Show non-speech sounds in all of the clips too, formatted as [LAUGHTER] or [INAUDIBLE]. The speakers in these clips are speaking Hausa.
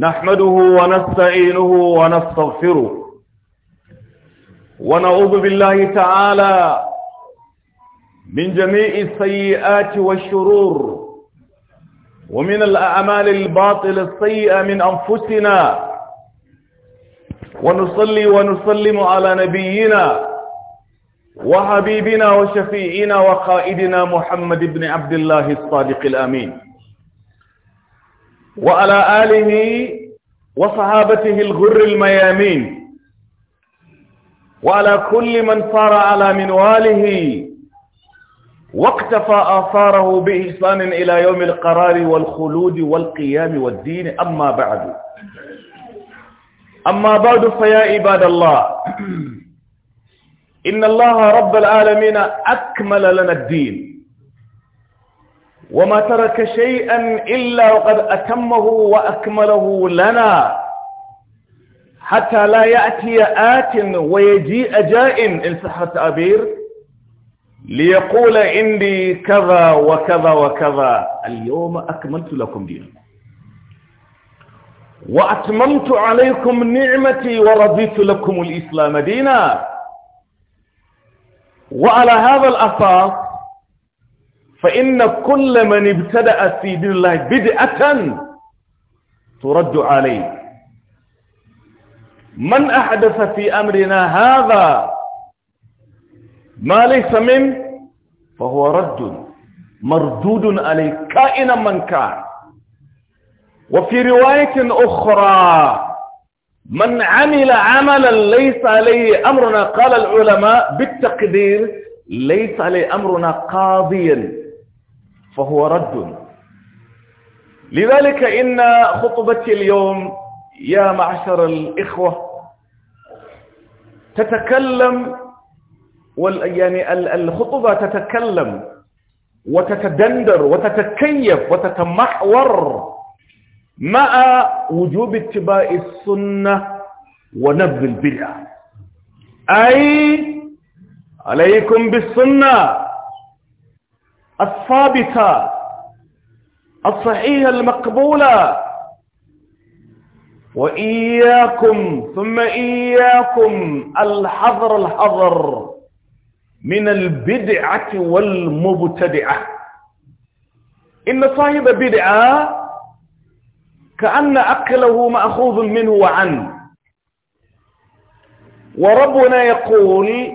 نحمده ونستعينه ونستغفره ونعوذ بالله تعالى من جميع السيئات والشرور ومن الأعمال الباطل السيئة من أنفسنا ونصلي ونسلم على نبينا وحبيبنا وشفيعنا وقائدنا محمد بن عبد الله الصادق الأمين وعلى آله وصحابته الغر الميامين وعلى كل من صار على منواله واقتفى آثاره بإحسان إلى يوم القرار والخلود والقيام والدين أما بعد أما بعد فيا عباد الله إن الله رب العالمين أكمل لنا الدين وما ترك شيئا إلا وقد أتمه وأكمله لنا حتى لا يأتي آت ويجيء جاء إن صح التعبير ليقول عندي كذا وكذا وكذا اليوم أكملت لكم دينكم وأتممت عليكم نعمتي ورضيت لكم الإسلام دينا وعلى هذا الأساس فإن كل من ابتدأ في دين الله بدعة ترد عليه من أحدث في أمرنا هذا ما ليس منه فهو رد مردود عليه كائنا من كان وفي رواية أخرى من عمل عملا ليس عليه أمرنا قال العلماء بالتقدير ليس عليه أمرنا قاضيا فهو رد لذلك إن خطبتي اليوم يا معشر الإخوة تتكلم وال يعني الخطبة تتكلم وتتدندر وتتكيف وتتمحور مع وجوب اتباع السنة ونبذ البدع أي عليكم بالسنة الثابتة الصحيحة المقبولة وإياكم ثم إياكم الحظر الحظر من البدعة والمبتدعة إن صاحب بدعة كأن أقله مأخوذ منه وعنه وربنا يقول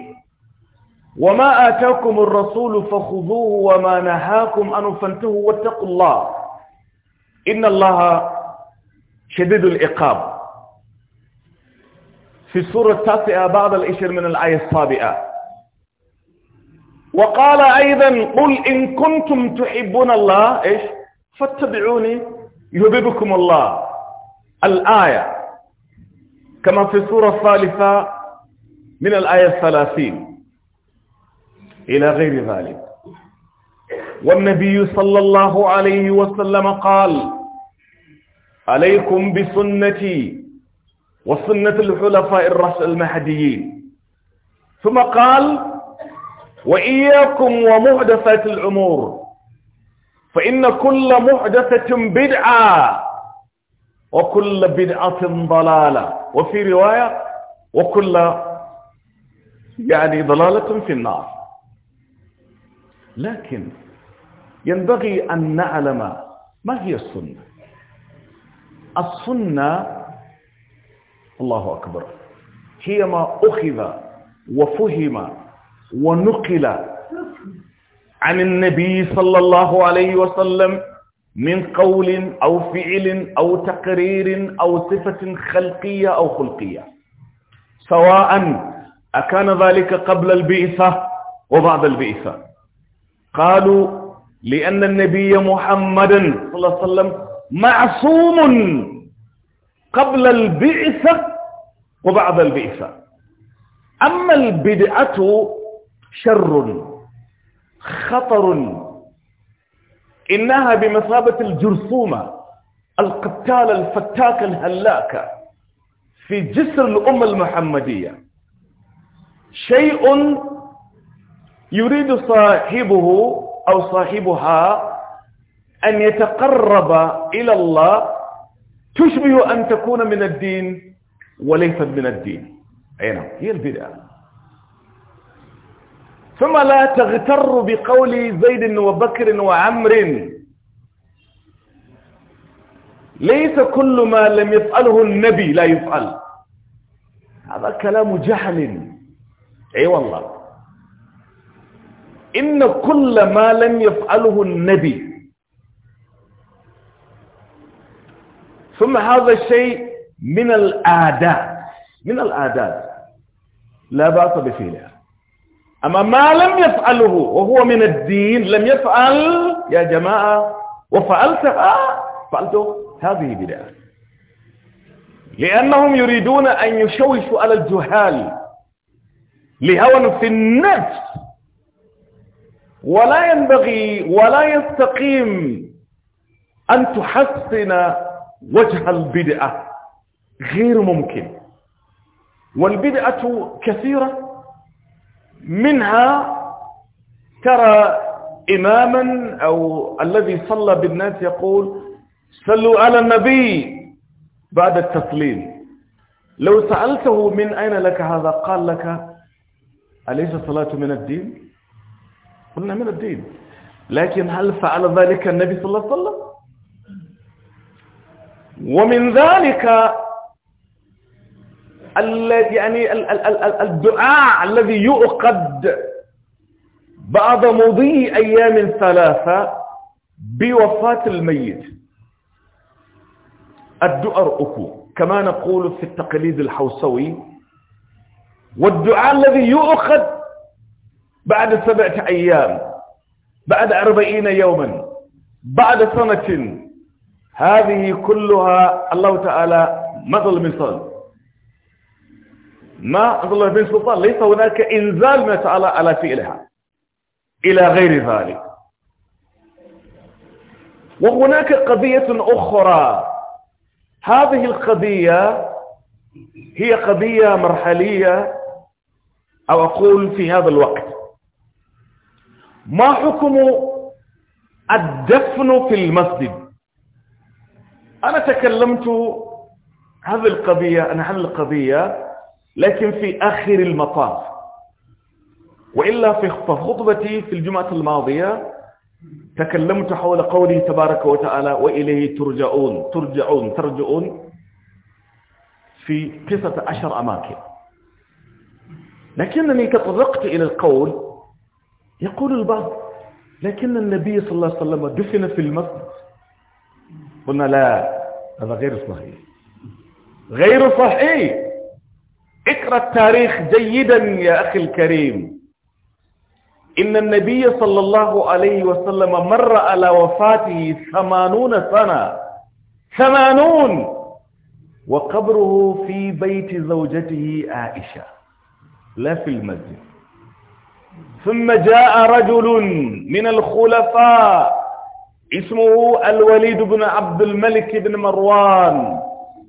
وما آتاكم الرسول فخذوه وما نهاكم عنه فانتهوا واتقوا الله إن الله شديد العقاب في السورة التاسعة بعد الإشر من الآية السابعة وقال أيضا قل إن كنتم تحبون الله إيش فاتبعوني يحببكم الله الآية كما في السورة الثالثة من الآية الثلاثين إلى غير ذلك والنبي صلى الله عليه وسلم قال عليكم بسنتي وسنة الحلفاء الرسل المهديين ثم قال وإياكم ومحدثات الأمور فإن كل محدثة بدعة وكل بدعة ضلالة وفي رواية وكل يعني ضلالة في النار لكن ينبغي أن نعلم ما هي السنة السنة الله أكبر هي ما أخذ وفهم ونقل عن النبي صلى الله عليه وسلم من قول أو فعل أو تقرير أو صفة خلقية أو خلقية سواء أكان ذلك قبل البئثة وبعد البئثة قالوا لأن النبي محمدا صلى الله عليه وسلم معصوم قبل البعثة وبعد البعثة أما البدعة شر خطر إنها بمثابة الجرثومة القتال الفتاك الهلاك في جسر الأمة المحمدية شيء يريد صاحبه أو صاحبها أن يتقرب إلى الله تشبه أن تكون من الدين وليست من الدين أي نعم هي البدعة ثم لا تغتر بقول زيد وبكر وعمر ليس كل ما لم يفعله النبي لا يفعل هذا كلام جهل اي أيوة والله إن كل ما لم يفعله النبي ثم هذا الشيء من الآداب من الآداب لا بأس بفعلها أما ما لم يفعله وهو من الدين لم يفعل يا جماعة وفعلت آه فعلته هذه بدعة لأنهم يريدون أن يشوشوا على الجهال لهوى في النفس ولا ينبغي ولا يستقيم أن تحسن وجه البدعة غير ممكن والبدعة كثيرة منها ترى إماما أو الذي صلى بالناس يقول صلوا على النبي بعد التسليم لو سألته من أين لك هذا قال لك أليس الصلاة من الدين قلنا من الدين لكن هل فعل ذلك النبي صلى الله عليه وسلم ومن ذلك الذي يعني الدعاء الذي يؤقد بعد مضي أيام ثلاثة بوفاة الميت الدعاء أكو كما نقول في التقليد الحوسوي والدعاء الذي يؤخذ بعد سبعة أيام بعد أربعين يوما بعد سنة هذه كلها الله تعالى مثل مثال ما الله من سلطان ليس هناك إنزال من تعالى على فعلها إلى غير ذلك وهناك قضية أخرى هذه القضية هي قضية مرحلية أو أقول في هذا الوقت ما حكم الدفن في المسجد أنا تكلمت هذه القضية أنا عن القضية لكن في آخر المطاف وإلا في خطبتي في الجمعة الماضية تكلمت حول قوله تبارك وتعالى وإليه ترجعون ترجعون ترجعون في قصة عشر أماكن لكنني تطرقت إلى القول يقول البعض لكن النبي صلى الله عليه وسلم دفن في المسجد قلنا لا هذا غير صحيح غير صحيح اقرأ التاريخ جيدا يا أخي الكريم إن النبي صلى الله عليه وسلم مر على وفاته ثمانون سنة ثمانون وقبره في بيت زوجته عائشة لا في المسجد ثم جاء رجل من الخلفاء اسمه الوليد بن عبد الملك بن مروان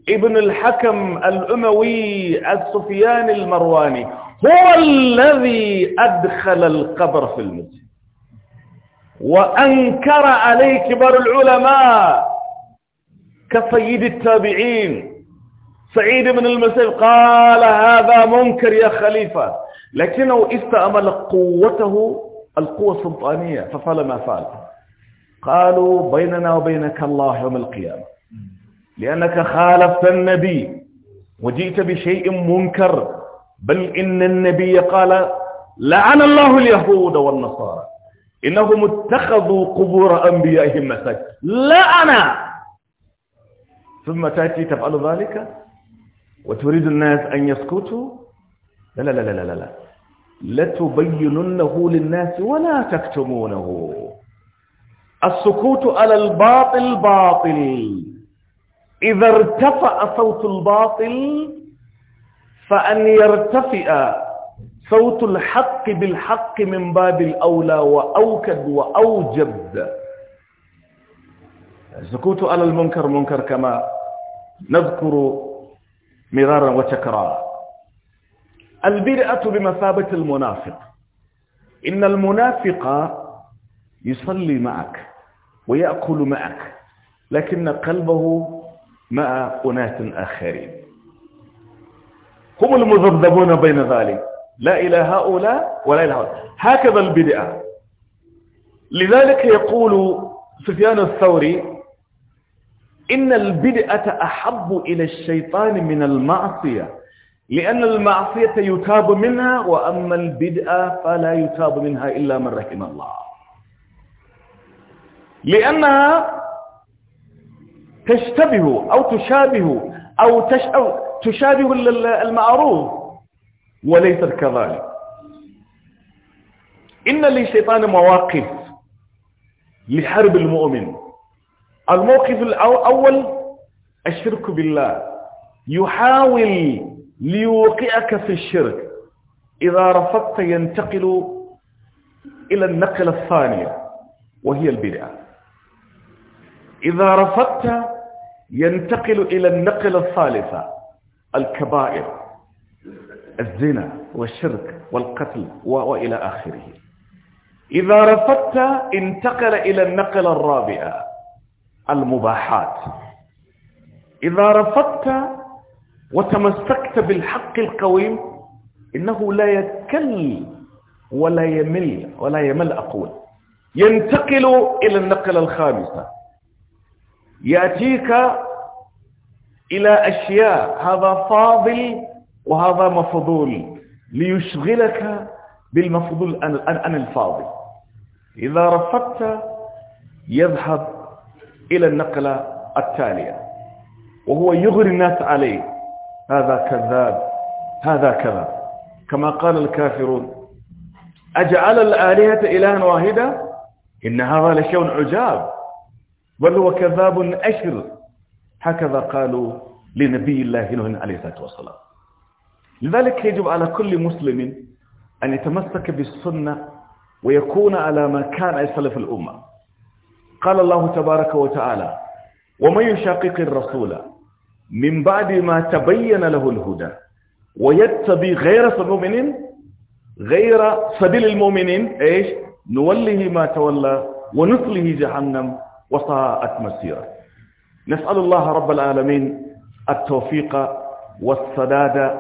ابن الحكم الأموي السفيان المرواني هو الذي أدخل القبر في المسجد وأنكر عليه كبار العلماء كسيد التابعين سعيد بن المسيب قال هذا منكر يا خليفة لكنه استعمل قوته القوة السلطانية ففعل ما فعل قالوا بيننا وبينك الله يوم القيامة لأنك خالفت النبي وجئت بشيء منكر بل إن النبي قال لعن الله اليهود والنصارى إنهم اتخذوا قبور أنبيائهم مساجد لعن ثم تأتي تفعل ذلك وتريد الناس أن يسكتوا لا لا لا لا لا لا لتبيننه للناس ولا تكتمونه السكوت على الباطل باطل إذا ارتفع صوت الباطل فأن يرتفع صوت الحق بالحق من باب الأولى وأوكد وأوجب السكوت على المنكر منكر كما نذكر مرارا وتكرارا البدعة بمثابة المنافق إن المنافق يصلي معك ويأكل معك لكن قلبه مع أناس آخرين هم المذبذبون بين ذلك لا إلى هؤلاء ولا إلى هؤلاء هكذا البدعة لذلك يقول سفيان الثوري إن البدعة أحب إلى الشيطان من المعصية لأن المعصية يتاب منها وأما البدعة فلا يتاب منها إلا من رحم الله لأنها تشتبه أو تشابه أو, تشابه المعروف وليست كذلك إن للشيطان مواقف لحرب المؤمن الموقف الأول الشرك بالله يحاول ليوقعك في الشرك إذا رفضت ينتقل إلى النقلة الثانية وهي البدعة إذا رفضت ينتقل إلى النقلة الثالثة الكبائر الزنا والشرك والقتل وإلى آخره إذا رفضت انتقل إلى النقلة الرابعة المباحات إذا رفضت وتمسكت بالحق القويم إنه لا يكل ولا يمل ولا يمل أقول ينتقل إلى النقلة الخامسة يأتيك إلى أشياء هذا فاضل وهذا مفضول ليشغلك بالمفضول انا الفاضل إذا رفضت يذهب إلى النقلة التالية وهو يغري الناس عليه هذا كذاب هذا كذا كما قال الكافرون أجعل الآلهة إلها واحدة إن هذا لشيء عجاب بل هو كذاب أشر هكذا قالوا لنبي الله نوح عليه الصلاة والسلام لذلك يجب على كل مسلم أن يتمسك بالسنة ويكون على ما كان سلف الأمة قال الله تبارك وتعالى ومن يشاقق الرسول من بعد ما تبين له الهدى ويتبي غير المؤمنين غير سبيل المؤمنين ايش نوله ما تولى ونصله جهنم وصاءت مسيره نسأل الله رب العالمين التوفيق والسداد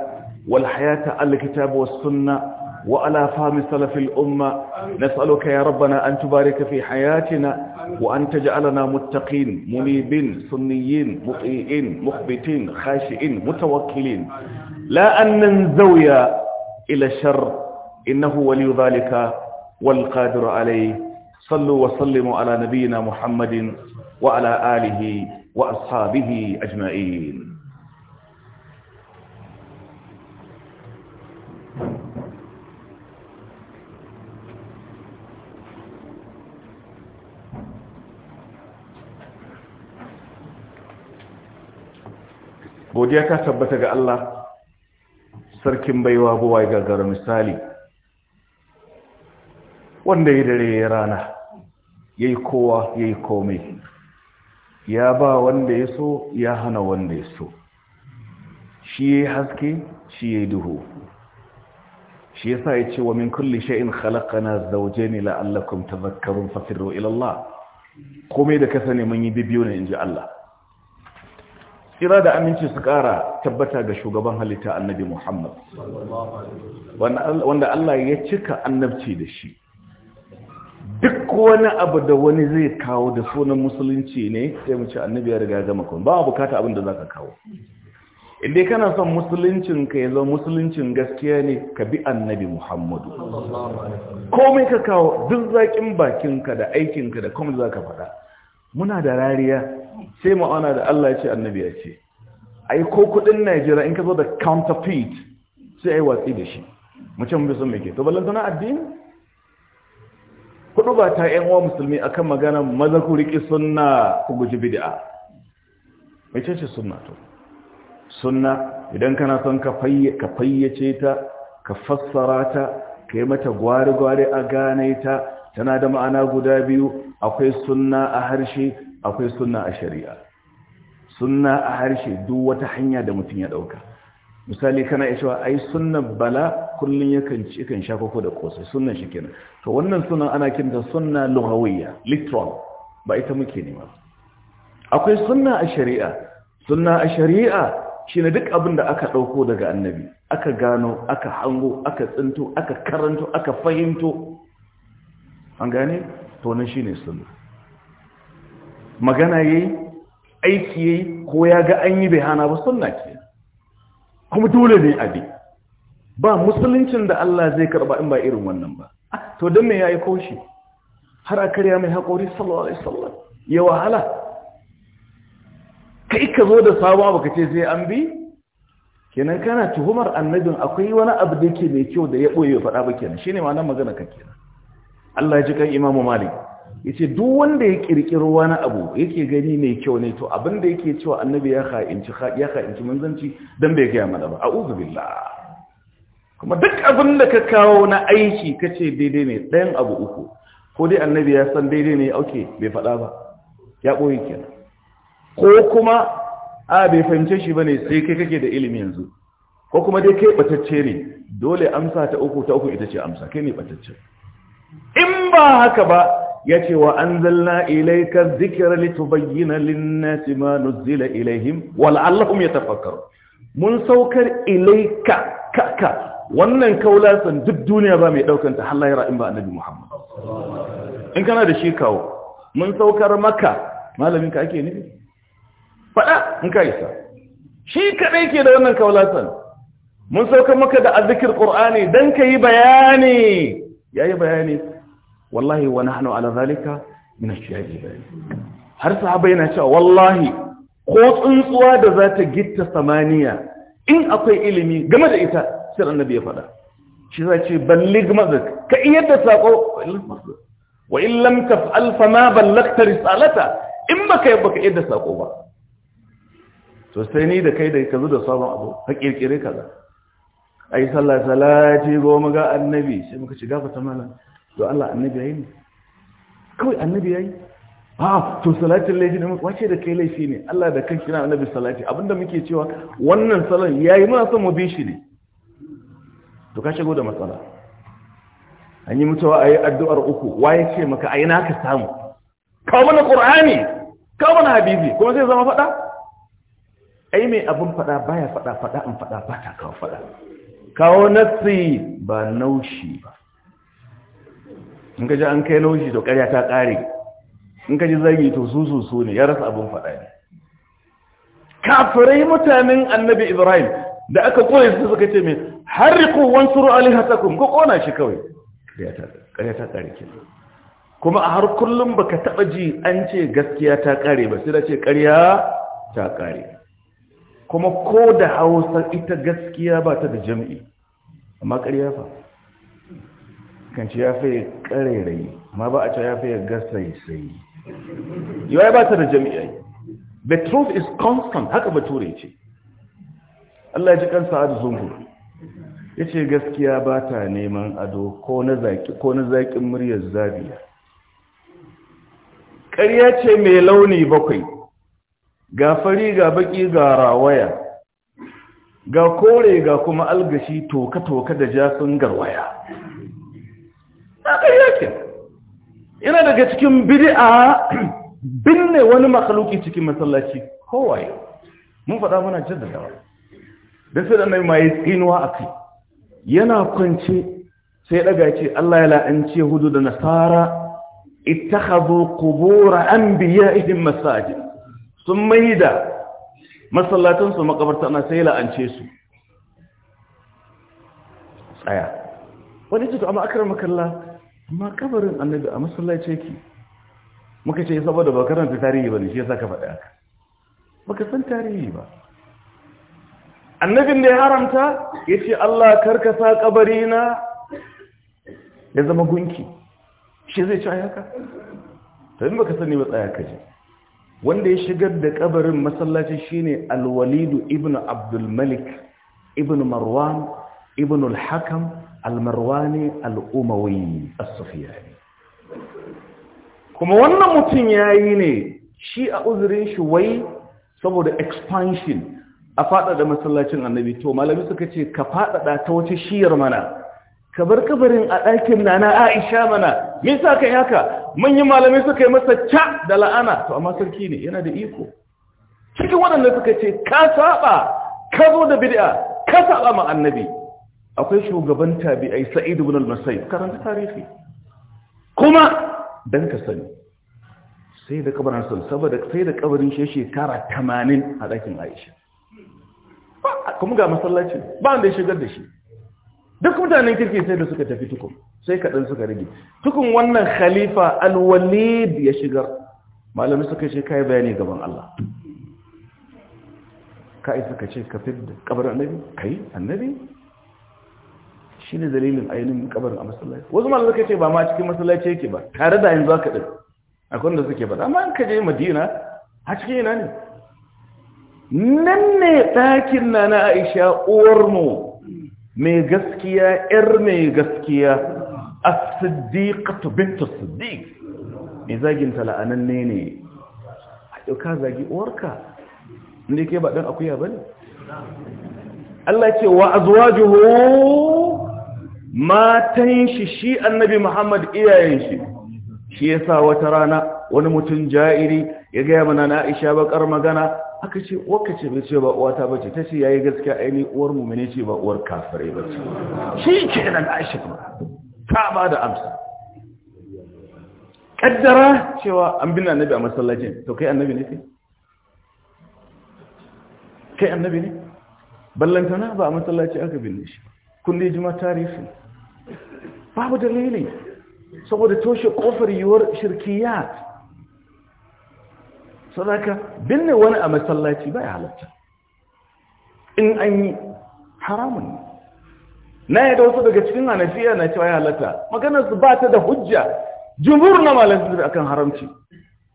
والحياة الكتاب والسنة وعلى فهم سلف الأمة نسألك يا ربنا أن تبارك في حياتنا وأن تجعلنا متقين منيبين سنيين مطيئين مخبتين خاشئين متوكلين لا أن ننزوي إلى الشر إنه ولي ذلك والقادر عليه صلوا وسلموا على نبينا محمد وعلى آله وأصحابه أجمعين godiya ta tabbata ga Allah sarkin baiwa buwa gagara misali wanda ya dare ya rana ya yi kowa ya yi komai ya ba wanda ya so ya hana wanda ya so shi ya haske shi ya duhu shi ya sa ya ce wa min sha'in shay'in na zauje ne la'allakun fafirru fasirro ilallah komai da kasa ne mun yi bibiyo ne inji Allah Kira da aminci su kara tabbata ga shugaban halitta annabi Muhammad wanda Allah ya cika annabci da shi duk wani abu da wani zai kawo da sunan musulunci ne sai mu ci annabi ya riga gama kun ba bukata abin da zaka kawo indai kana son musuluncin ka ya musuluncin gaskiya ne ka bi annabi Muhammadu komai ka kawo duk zakin bakinka da aikinka da komai zaka faɗa muna da rariya sai ma'ana da Allah ya ce annabi ya ce ai ko kudin Najeriya in ka zo da counterfeit sai ai watsi da shi mutum bai san ke to ballan tana addini kudu ba ta ƴan uwa musulmi akan magana maza ku riki sunna ku guji bid'a me ce ce sunna to sunna idan kana son ka fayyace ka fayyace ta ka fassara ta kai mata gwari-gwari a gane ta tana da ma'ana guda biyu akwai sunna a harshe akwai sunna a shari'a sunna a harshe duk wata hanya da mutum ya dauka misali kana ya cewa ai sunnan bala kullum yakan ci kan sha koko da kosai sunnan shi kenan to wannan sunan ana kinta sunna lughawiyya literal ba ita muke nema akwai sunna a shari'a sunna a shari'a shine duk abin da aka dauko daga annabi aka gano aka hango aka tsinto aka karanto aka fahimto an gane to nan shine sunna magana yayi aiki yayi ko ya ga an yi bai hana ba sunna ke kuma dole ne abi ba musuluncin da Allah zai karba in ba irin wannan ba ah, to don me yayi koshi har a karya mai haƙori sallallahu alaihi wasallam ya wahala kai ka zo da sabuwa ka ce zai an bi kenan kana tuhumar annabin akwai wani abu da yake mai kyau da ya boye ya faɗa ba kenan shine ma nan magana ka kenan Allah ya ji kan Imam Malik yace duk wanda ya kirkiro wani abu yake gani mai kyau ne to abinda yake cewa annabi ya kha'inci ya kha'inci manzanci dan bai gaya mana ba a'udhu billah kuma duk abin da ka kawo na aiki kace daidai ne ɗayan abu uku ko dai annabi ya san daidai ne okay bai faɗa ba ya ɓoye kenan ko kuma a bai fahimce shi bane sai kai kake da ilimi yanzu ko kuma dai kai batacce ne dole amsa ta uku ta uku ita ce amsa kai ne batacce in ba haka ba Ya ce wa anzalna ilayka dhikra litubayyana lin-nasi ma nuzila ilayhim wa la'allahum yatafakkarun mun saukar ilayka kaka wannan kaulasan duk duniya ba mai daukan ta har lahira in ba annabi Muhammad in kana da shi kawo mun saukar maka malamin ka ake nufi fada in ka isa shi kadai ke da wannan kaulasan mun saukar maka da azzikir qur'ani dan kai bayani yayi bayani wallahi wa nahnu ala zalika min ash-shahidin har sahaba yana cewa wallahi ko tsuntsuwa da za ta gitta samaniya in akwai ilimi game da ita sai annabi ya faɗa shi za ce ballig mazak ka iya da sako wa in lam taf'al fa ma ballagta risalata in baka yi baka iya da sako ba to sai ni da kai da ka zo da sabon abu ka kirkire kaza ai sallah salati goma ga annabi sai muka shiga gafa ta to Allah annabi yayi kawai annabi yayi ah to salatin laifi ne wace da kai laifi ne Allah da kanki na annabi salati abinda muke cewa wannan salon yayi muna son mu bi shi ne to ka shigo da matsala an yi mutuwa ayi addu'ar uku Wa ya ce maka ayi naka samu kawo mana qur'ani kawo mana hadisi kuma sai zama faɗa? ai mai abin faɗa baya faɗa fada an fada ba ta kawo fada kawo nasi ba naushi ba in ka ji an kai laushi to ƙarya ta ƙare in ka ji zagi to susu su ne ya rasa abin faɗa ne kafirai mutanen annabi ibrahim da aka kone su suka ce mai harriku ruali alihatakum ko kona shi kawai ƙarya ta ƙare ke kuma a har kullum baka taɓa ji an ce gaskiya ta ƙare ba sai da ce ƙarya ta ƙare kuma ko da hausa ita gaskiya ba ta da jam'i amma ƙarya fa kan ya fiye amma ba a ya fiye yi sai ba ta da jami'ai the truth is constant haka bature ce Allah ya ji kan sa'ad zungu ya ce gaskiya ba ta neman ado ko na zaƙin muryar zabiya ƙarya ce mai launi bakwai ga fari ga baƙi ga rawaya ga kore ga kuma algashi toka-toka da jasun garwaya yana daga cikin bid'a [CLEARS THROAT] binne wani makaluki cikin masallaci kowaye mun faɗa muna jaddadawa da sai da mai tsinuwa a kai yana kwance sai daga ce Allah ya la'ance hudu da nasara ittakhadhu qubur anbiya'ihim masajid sun maida masallatan su makabarta na sai la'ance su tsaya wani ce to amma akramaka amma kabarin annabi a masallaci yake muka ce saboda ba karanta tarihi ba ne shi yasa ka faɗa haka baka san tarihi ba annabin da ya haramta ya ce Allah karkasa kabarina ya zama gunki shi zai ci haka tabi baka sani ba tsaya kaje wanda ya shigar da kabarin masallaci shine alwalidu ibn abdul malik ibn marwan ibn al-hakam almarwani al'umawi as-sufiyani kuma wannan mutum yayi ne shi a uzurin shi wai saboda expansion a faɗaɗa masallacin annabi to malami suka ce ka faɗaɗa ta wace shiyar mana ka bar kabarin a ɗakin Nana aisha mana me yasa kai haka manyan malamai suka yi masa ca da la'ana to amma sarki ne yana da iko cikin waɗanda suka ce ka saba ka zo da bid'a ka saba ma annabi akwai shugaban tabi'ai sa'id ibn al-musayyib karanta tarihi kuma dan ka sani sai da kabarin sun saboda sai da kabarin shi shekara 80 a dakin Aisha kuma ga masallaci ba wanda ya shigar da shi duk mutanen kirki sai da suka tafi tukun sai kaɗan suka rage tukun wannan khalifa al-walid ya shigar malamai suka ce kai bayani gaban Allah kai suka ce ka fi kabarin annabi kai annabi shi ne dalilin ainihin kabarin a masallaci wasu malar suka ce ba ma cikin masallaci yake ba tare da yanzu aka ɗin A da suke ba amma an kaje madina a cikin yana ne nan ne ɗakin na na aisha uwarmu mai gaskiya ‘yar mai gaskiya a siddiƙatu bintu siddiƙ mai zagin tala'anan ne ne a ɗauka zagi uwarka inda ke ba ɗan akuya ba ne Allah ce wa jihu. matan shi shi annabi Muhammad iyayen shi shi yasa wata rana wani mutum ja'iri ya gaya mana na Aisha bakar magana aka ce waka ce bai ce ba uwata bace ce ta ce yayi gaskiya aini uwar mu mene ce ba uwar kafirai ba ce shi kenan Aisha kuma, ta ba da amsa kaddara cewa an bin annabi a masallacin to kai annabi ne kai kai annabi ne ballantana ba a masallaci aka binne shi kun dai jima tarihi babu dalili saboda toshe kofar yiwuwar shirkiyat sadaka binne wani a masallaci bai halatta in an yi haramun na yadda wasu daga cikin hanafiya na cewa ya halatta su ba ta da hujja jumhur na da akan haramci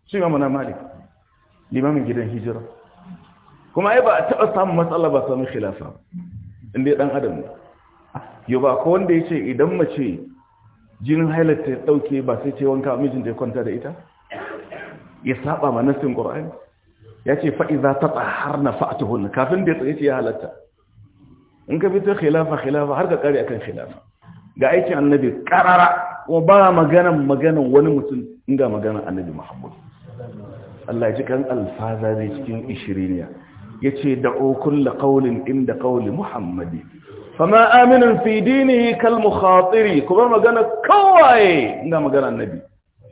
su yi na malik limamin gidan hijira kuma ai ba a taɓa samun matsala ba samun khilafa inda ya ɗan adam yau ba ko wanda ya ce idan mace jinin halatta ya ɗauke ba sai ce wanka mijinta ya kwanta da ita ya saba ma nassin ƙura'ani ya ce fa'iza ta har na kafin da ya tsaye ce ya halatta in ka fito khilafa khilafa har ka kare akan khilafa ga aikin annabi ƙarara ko ba maganan maganan wani mutum inga maganan annabi muhammad Allah ya ji kan alfaza zai cikin ishiriniya ya ce da'o kulla ƙaunin inda ƙauli muhammadi fama aminin fi dinihi kal mukhatiri ku bar magana kawai ina magana annabi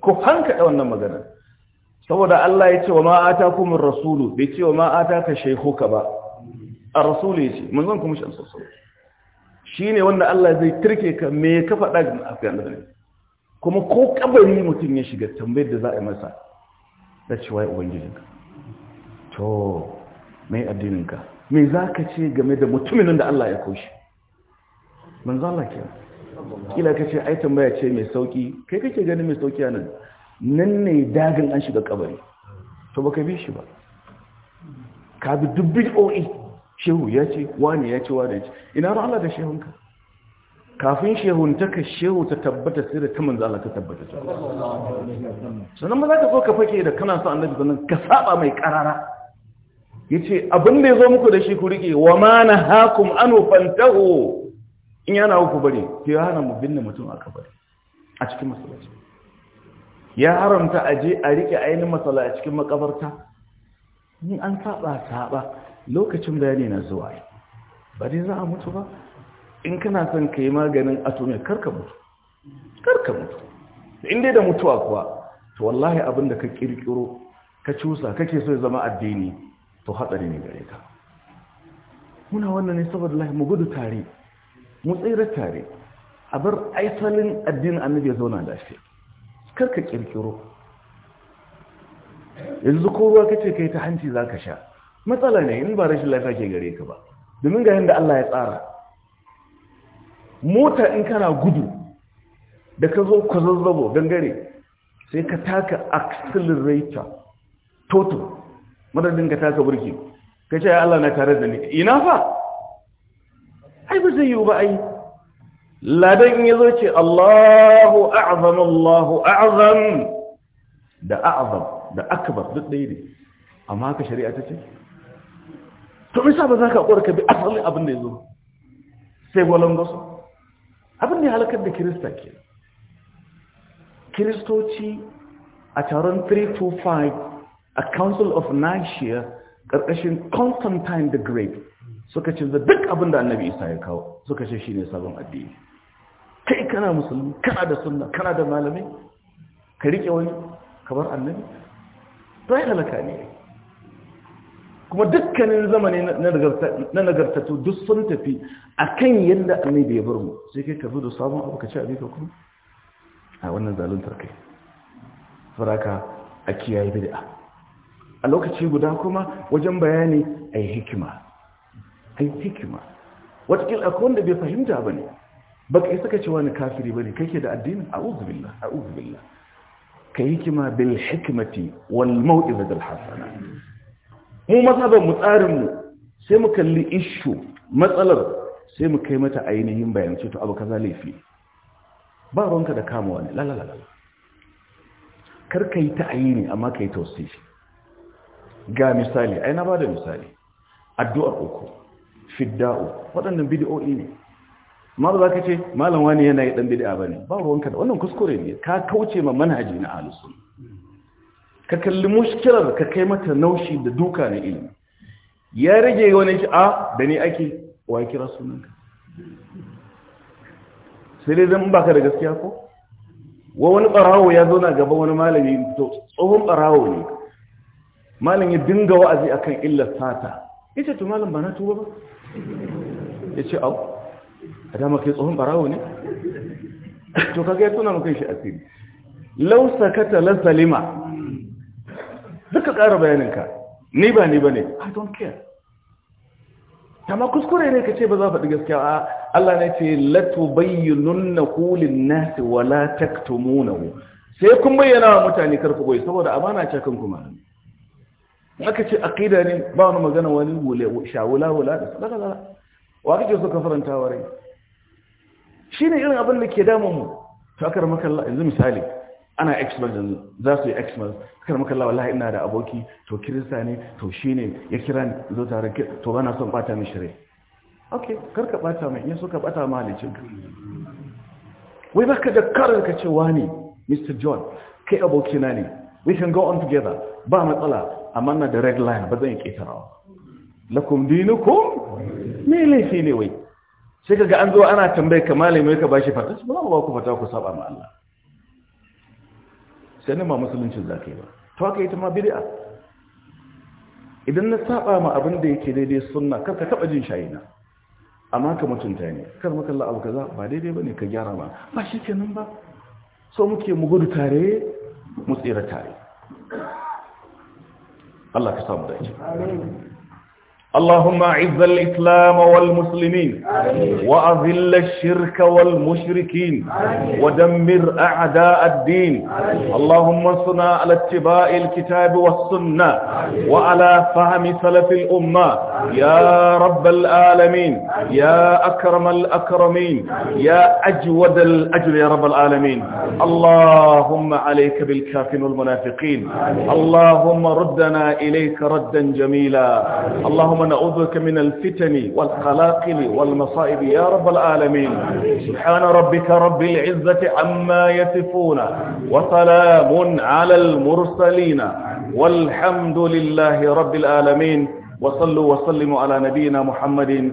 ku da wannan magana saboda Allah ya ce wa ma atakumur rasulu bai ce wa ma ataka shaykhuka ba ar-rasul ya ce manzon kuma shi sallallahu shine wanda Allah zai tirke ka me ka fada ga afiyan kuma ko kabari mutum ya shiga tambayar da za a masa da cewa ubangijinka to mai addininka me za ka ce game da mutumin da Allah ya koshi manzo Allah ke kila kace ai tambaya ce mai sauki kai kake ganin mai sauki anan nan ne dagin an shiga kabari to baka bi shi ba ka bi dubbin o'i shehu ya ce wani ya ce wani ya ce ina ran Allah da shehunka kafin shehun ta ka shehu ta tabbata sai da ta manzo Allah ta tabbata ta sannan ma za ka so ka fake da kana so annabi sanan ka saba mai karara yace abin da yazo muku da shi ku rike wa ma nahakum anu fantahu in yana uku bari to ya hana binne mutum a kabari a cikin masallaci ya haramta a je a rike ainihin masala a cikin makabarta in an saba saba lokacin bayani na zuwa ba dai za a mutu ba in kana son ka yi maganin atomi karka mutu karka mutu in dai da mutuwa kuwa to wallahi abin da ka kirkiro ka cusa kake so ya zama addini to hatsari ne gare ka muna wannan ne saboda lahi mu gudu tare mu tsira tare a bar aisalin addinin annabi ya zauna da shi karka kirkiro yanzu ko ruwa kace kai ta hanci za ka sha matsala ne in ba rashin lafiya ke gare ka ba domin ga yanda Allah ya tsara mota in kana gudu da ka zo ku zazzabo gangare sai ka taka accelerator total madadin ka taka burki ka ce ya Allah na tare da ni ina fa ai ba zai yiwu ba ai ladan ya zo ce Allahu a'zam Allahu a'zam da a'zam da akbar duk ɗaya ne amma haka shari'a ta ce to bisa ba za ka ƙorka bi asalin abin da ya zo sai gwalon gaso abin da ya halakar da kirista ke kiristoci a taron 325 a council of nicaea ƙarƙashin constantine the great suka ce duk abin da annabi isa ya kawo suka ce shi ne sabon addini kai kana musulmi kana da sunna kana da malamai ka riƙe wani kamar annabi to ya halaka ne kuma dukkanin zamani na nagartattu duk sun tafi a kan yadda annabi ya bar mu sai kai ka zo da sabon abu ka ci abin ka kuma a wannan zaluntar kai faraka a kiyaye bid'a a lokaci guda kuma wajen bayani a yi hikima ai hikima watakila akwai wanda bai fahimta ba ne ba ka isa ka ce wani kafiri ba ne kake da addini a uzubillah a uzubillah ka hikima bil hikimati wal mau'izatul hasana mu mazhaban mu tsarin mu sai mu kalli ishu matsalar sai mu kai mata ainihin bayan ce to abu kaza laifi ba ruwanka da kama wani lalala. kar ka yi ta aini amma ka yi tausifi ga misali ai na ba da misali addu'ar uku fidda'u waɗannan bid'o'i ne ba za ka ce malam wani yana yi ɗan bid'a ba ne ba ruwanka da wannan kuskure ne ka kauce ma manhaji na alisun. ka kalli mushkilar ka kai mata naushi da duka na ilimi ya rage wani shi a ah, da ni ake wa kira sunanka sai dai zan baka da gaskiya ko wa wani barawo ya zo na gaba wani malami to tsohon barawo ne malam ya dinga wa'azi akan illar sata yace to malam ba na tuba ba ya ce au a dama kai tsohon barawo ne to kaga ya tuna mukai shi asiri lausa kata lan salima duka ƙara bayaninka ni ba ni ba ne i don't care kama kuskure ne ka ce ba za faɗi gaskiya a Allah ne ce latu bayyinun na kulin nasi wala taktumuna sai kun bayyana wa mutane karfi goyi saboda amana cakin kuma ne aka ce aqida ne ba wani magana wani wule shawula wula da sadaka zara wa kake so ka faranta wa rai shine irin abin da ke damu mu to akar maka Allah yanzu misali ana expert yanzu za su yi expert akar maka Allah wallahi ina da aboki to kirista ne to shine ya kira ni zo tare to ba na son bata mishi rai okay ka bata mai in ka bata malicin wai baka da karin ka ce wani Mr. John kai abokina ne we can go on together ba matsala amma na da red line ba zan yi ƙetarawa lakum dinukum me laifi ne wai sai kaga an zo ana tambaye ka malami ka bashi fata shi ba ba ku fata ku saba ma Allah sai ne ma musuluncin zakai ba to kai ta ma bid'a idan na saba ma abin da yake daidai sunna kar ka taba jin shayina amma ka mutunta ne kar maka Allah abu kaza ba daidai bane ka gyara ba ba shi kenan ba so muke mu gudu tare mu tsira tare Allah ka samu dace اللهم اعز الإسلام والمسلمين وأذل الشرك والمشركين ودمر أعداء الدين اللهم انصرنا على اتباع الكتاب والسنة وعلى فهم سلف الأمة يا رب العالمين يا أكرم الأكرمين يا أجود الأجر يا رب العالمين اللهم عليك بالكافرين والمنافقين اللهم ردنا إليك ردا جميلا اللهم اللهم نعوذك من الفتن والخلاقل والمصائب يا رب العالمين سبحان ربك رب العزة عما يصفون وسلام على المرسلين والحمد لله رب العالمين وصلوا وسلموا على نبينا محمد